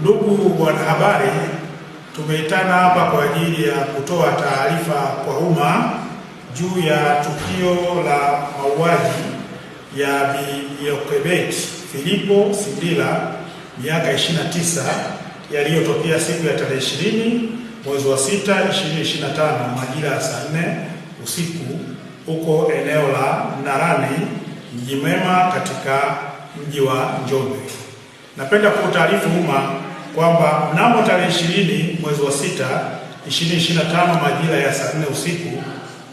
Ndugu wanahabari, tumeitana hapa kwa ajili ya kutoa taarifa kwa umma juu ya tukio la mauaji ya Bi Yokebet Filipo Sindila miaka 29 yaliyotokea siku ya tarehe 20 mwezi wa 6 2025 majira ya saa 4 usiku huko eneo la narani mjimwema katika mji wa Njombe. Napenda kuutaarifu umma kwamba mnamo tarehe 20 mwezi wa sita 2025 majira ya saa nne usiku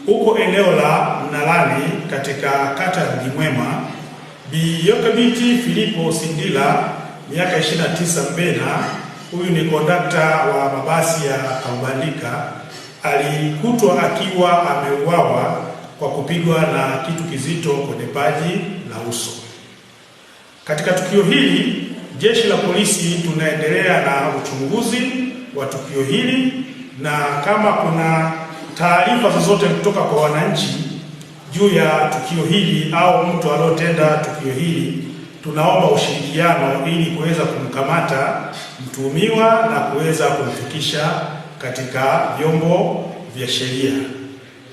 huko eneo la Mnalani katika kata ya Mji Bi Yokabiti Filipo Sindila miaka 29 Mbena, huyu ni kondakta wa mabasi ya Tambandika, alikutwa akiwa ameuawa kwa kupigwa na kitu kizito kwenye paji la uso. Katika tukio hili Jeshi la polisi tunaendelea na uchunguzi wa tukio hili, na kama kuna taarifa zozote kutoka kwa wananchi juu ya tukio hili au mtu aliyotenda tukio hili, tunaomba ushirikiano ili kuweza kumkamata mtuhumiwa na kuweza kumfikisha katika vyombo vya sheria.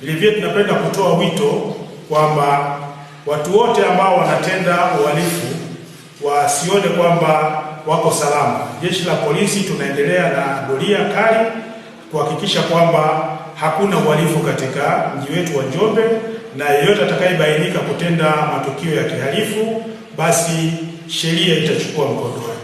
Vilevile tunapenda kutoa wito kwamba watu wote ambao wanatenda uhalifu Uh, sione kwamba wako salama. Jeshi la polisi tunaendelea na doria kali kuhakikisha kwamba hakuna uhalifu katika mji wetu wa Njombe, na yeyote atakayebainika kutenda matukio ya kihalifu, basi sheria itachukua mkondo